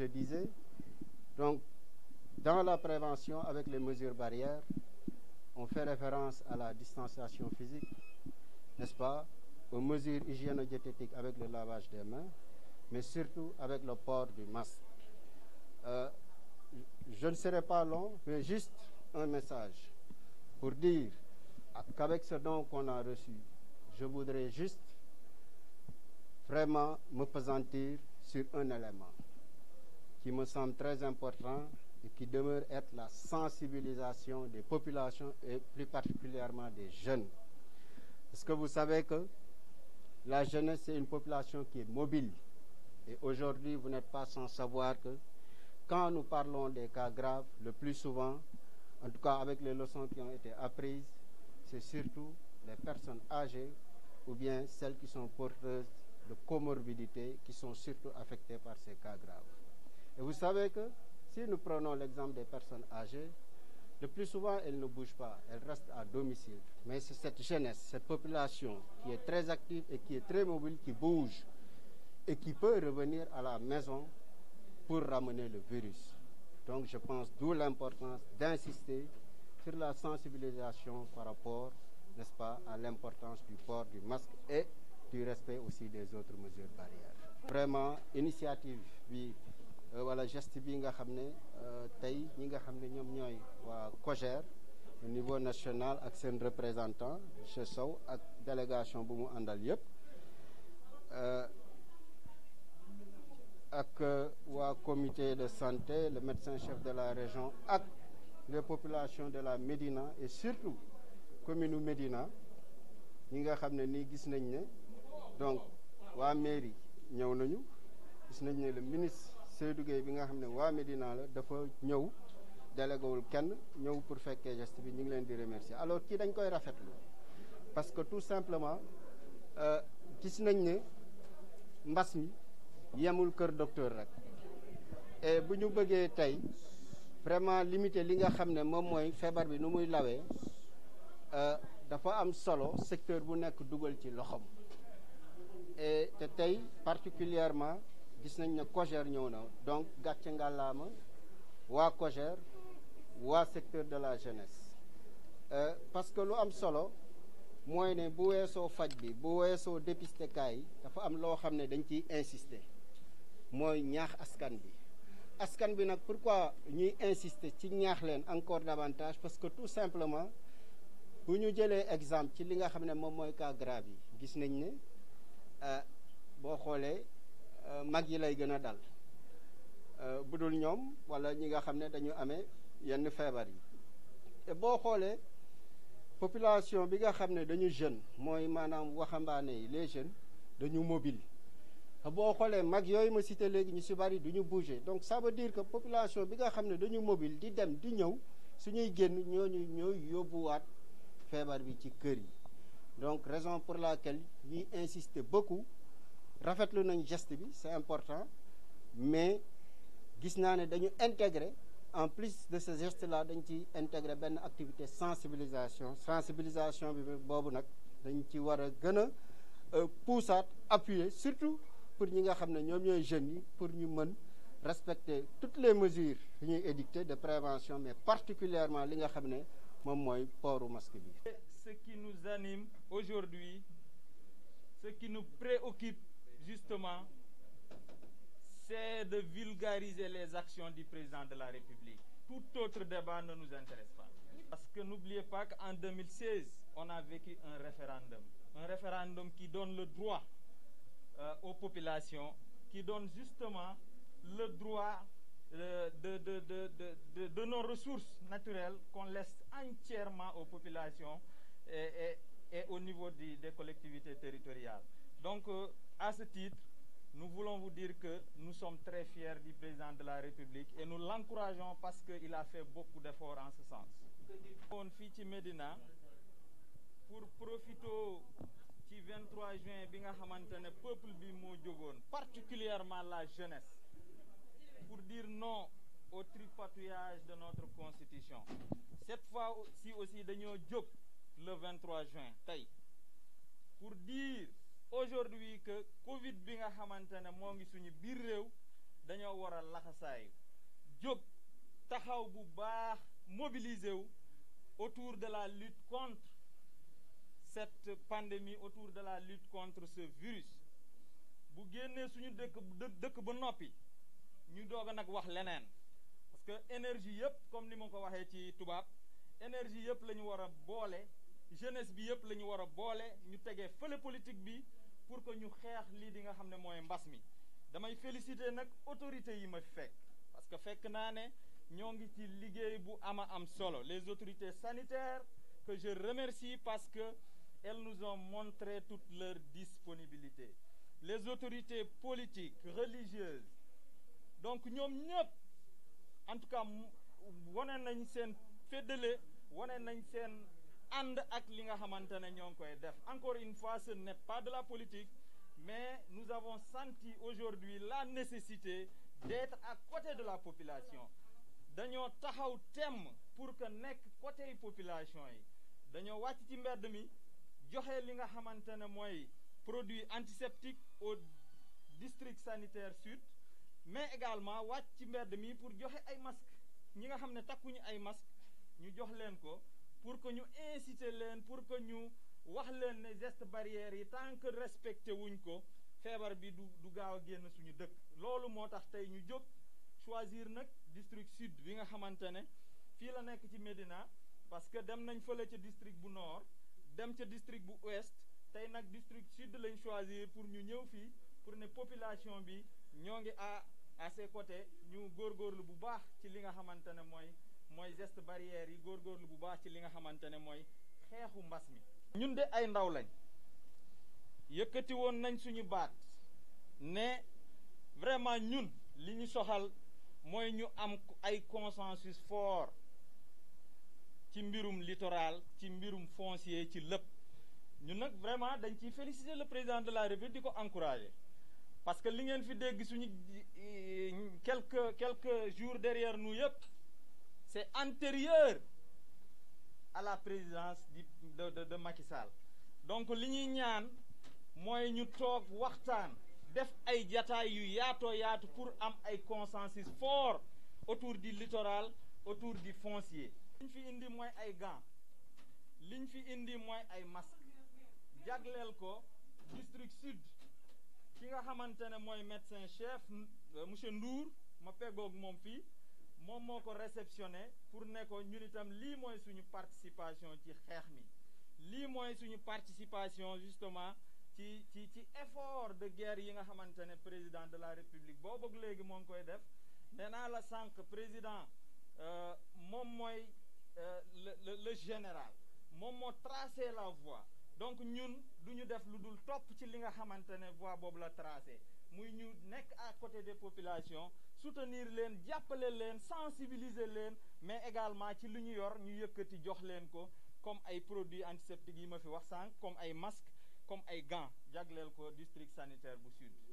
je disais. Donc, dans la prévention avec les mesures barrières, on fait référence à la distanciation physique, n'est-ce pas, aux mesures hygiéno-diététiques avec le lavage des mains, mais surtout avec le port du masque. Euh, je ne serai pas long, mais juste un message pour dire qu'avec ce don qu'on a reçu, je voudrais juste vraiment me pesantir sur un élément. qui me semble très important et qui demeure être la sensibilisation des populations et plus particulièrement des jeunes. Parce que vous savez que la jeunesse, c'est une population qui est mobile. Et aujourd'hui, vous n'êtes pas sans savoir que quand nous parlons des cas graves, le plus souvent, en tout cas avec les leçons qui ont été apprises, c'est surtout des personnes âgées ou bien celles qui sont porteuses de comorbidités qui sont surtout affectées par ces cas graves. Et vous savez que si nous prenons l'exemple des personnes âgées, le plus souvent, elles ne bougent pas, elles restent à domicile. Mais c'est cette jeunesse, cette population qui est très active et qui est très mobile, qui bouge et qui peut revenir à la maison pour ramener le virus. Donc je pense d'où l'importance d'insister sur la sensibilisation par rapport, n'est-ce pas, à l'importance du port du masque et du respect aussi des autres mesures barrières. Vraiment, wala euh, geste bi nga xam ne euh, tey ñi nga xam ne ñoom ñooy waa COJER au niveau national ak seen représentant monsieur Sow ak délégation bu mu àndal yëpp euh, ak waa comité de santé le médecin chef de la région ak les population de la Médina et surtout commune Médina ñi nga xam ne nii gis nañ ne donc waa mairie ñëw nañu gis nañ ne le ministre Seydou Gueye bi nga xam ne waa Médina la dafa ñëw délégué kenn ñëw pour fekkee geste bi ñu ngi leen di remercier alors kii dañ koy rafetlu parce que tout simplement euh, gis nañ ne mbas mi yemul kër docteur rek et bu ñu bëggee tey vraiment limiter li nga xam ne moom mooy feebar bi nu muy lawee euh, dafa am solo secteur bu nekk dugal ci loxoom et te tey particulièrement gis nañ ne COJER ñëw na donc gàcce ngàllaama waa COJER waa secteur de la jeunesse euh, parce que lu am solo mooy ne bu weesoo faj bi bu weesoo dépisté kaay yi dafa am loo xam ne dañ ciy insister mooy ñaax askan bi askan bi nag pourquoi ñuy insister ci ñaax leen encore davantage parce que tout simplement bu ñu jëlee exemple ci li nga xam ne moom mooy cas grave yi gis nañ ne euh, boo xoolee Euh, mag yi lay gën a dal euh, bu dul ñoom wala ñi nga xam ne dañu ame yenn feebar yi te boo xoolee population bi nga xam ne dañu jeune mooy maanaam waxambaane yi les jeunes dañu mobile te boo xoolee mag yooyu ma cité léegi ñu si bari du ñu bouger donc ça veut dire que population bi nga xam ne dañu mobile di dem di ñëw suñuy génn ñooñu ñooy yóbbuwaat feebar bi ci kër yi donc raison pour laquelle ñuy insister beaucoup rafetlu nañ geste bi c'est important mais gis naa ne dañu intégrer en plus de ce geste dañ ci intégrer benn activité sensibilisation sensibilisation bi boobu nag dañ ci war a gën a euh, poussaat appuyer surtout pour ñi nga xam ne ñoom ñooy jeunes yi pour ñu mën respecter toutes les mesures yu ñu édictées de prévention mais particulièrement li nga xam ne moom mooy pooru masque bi. ce qui nous anime aujourd'hui ce qui nous préoccupe justement, c'est de vulgariser les actions du président de la République. Tout autre débat ne nous intéresse pas. Parce que n'oubliez pas qu'en 2016, on a vécu un référendum. Un référendum qui donne le droit euh, aux populations, qui donne justement le droit euh, de, de, de, de, nos ressources naturelles qu'on laisse entièrement aux populations et, au niveau des, des collectivités territoriales. Donc, euh, À ce titre, nous voulons vous dire que nous sommes très fiers du président de la République et nous l'encourageons parce qu'il a fait beaucoup d'efforts en ce sens. kon fii ci Médina pour profito ci 23 juin bi nga xamante ne peuple bi moo jógoon particulièrement la jeunesse pour dire non au tripatouillage de notre constitution cette fois-ci aussi dañoo jóg le 23 juin tey pour dire aujourd'hui que Covid bi nga xamante ne moo ngi suñu biir réew dañoo war a laxasaayu jóg taxaw bu baax mobiliser wu autour de la lutte contre cette pandémie autour de la lutte contre ce virus bu génnee suñu dëkk dëkk ba noppi ñu doog nag wax leneen parce que énergie yëpp comme ni ma ko waxee ci tubaab énergie yëpp la ñu war a boole jeunesse bi yëpp la ñu war a boole ñu tegee fële politique bi pour que ñu xeex lii di nga xam ne mooy mbas mi damay féliciter nag autorités yi ma fekk parce que fekk naa ne ñoo ngi ci liggéey bu am a am solo les autorités sanitaires que je remercie parce que elles nous ont montré toute leur disponibilité les autorités politiques religieuses donc ñoom ñëpp en tout cas wane nañ seen féddale wane nañ seen ànd ak li nga xamante ne ñoo ngi koy def encore une fois ce n'est pas de la politique mais nous avons senti aujourd'hui la nécessité d'être à côté de la population dañoo taxaw temm pour que nekk côté population yi dañoo wàcc ci mbedd mi joxe li nga xamante ne mooy produit antiseptique au district sanitaire sud mais également wàcc ci mbedd mi pour joxe ay masque ñi nga xam ne takkuñu ay masque ñu jox leen ko pour que ñu inciter leen pour que ñu wax leen ne geste barrière yi tant que respecté wuñ ko feebar bi du du gaaw a génn suñu dëkk loolu moo tax tey ñu jóg choisir nag district sud bi nga xamante ne fii la nekk ci Médina parce que dem nañ fële ca district bu nord dem ca district bu ouest tey nag district sud lañ choisir pour ñu ñëw fii pour ne population bi ñoo ngi à à ses côtés ñu góorgóorlu bu baax ci li nga xamante ne mooy mooy geste barrière yi góorgóorlu bu baax ci li nga xamante ne mooy xeexu mbas mi. ñun de ay ndaw lañ yëkkati woon nañ suñu baat ne vraiment ñun li ñu soxal mooy ñu am ay consensus fort ci mbirum littoral ci mbirum foncier ci lépp ñun nag vraiment dañ ciy féliciter le président de la République di ko encourager. parce que li ngeen fi dégg suñu euh, quelques quelques jours derrière nous yëpp c'est antérieur à la présidence di de de de Macky Sall donc li ñuy ñaan mooy ñu toog waxtaan def ay jataay yu yaatoo yaatu pour am ay consensus fort autour du littoral autour du foncier. liñ fi indi mooy ay gants liñ fi indi mooy ay masques jagleel ko district sud ki nga xamante ne mooy médecin chef euh, monsieur Ndour ma peggoog moom fii. moom moo ko réceptionné pour ne ñun itam lii mooy suñu participation ci xeex mi lii mooy suñu participation justement ci ci ci effort de guerre yi nga xamante ne président de la république boo léegi moo ngi koy def ne naa la sànq président euh, moom mooy euh, le le général moom moo tracé la voie donc ñun du ñu def lu dul topp ci li nga xamante ne voie boobu la tracé muy ñu nekk à côté des populations soutenir leen jàppale leen sensibiliser leen mais également ci li ñu yor ñu yëkkati jox leen ko comme ay produits antiseptiques yi ma fi wax sànq comme ay masques comme ay gants jagleel ko district sanitaire bu sud.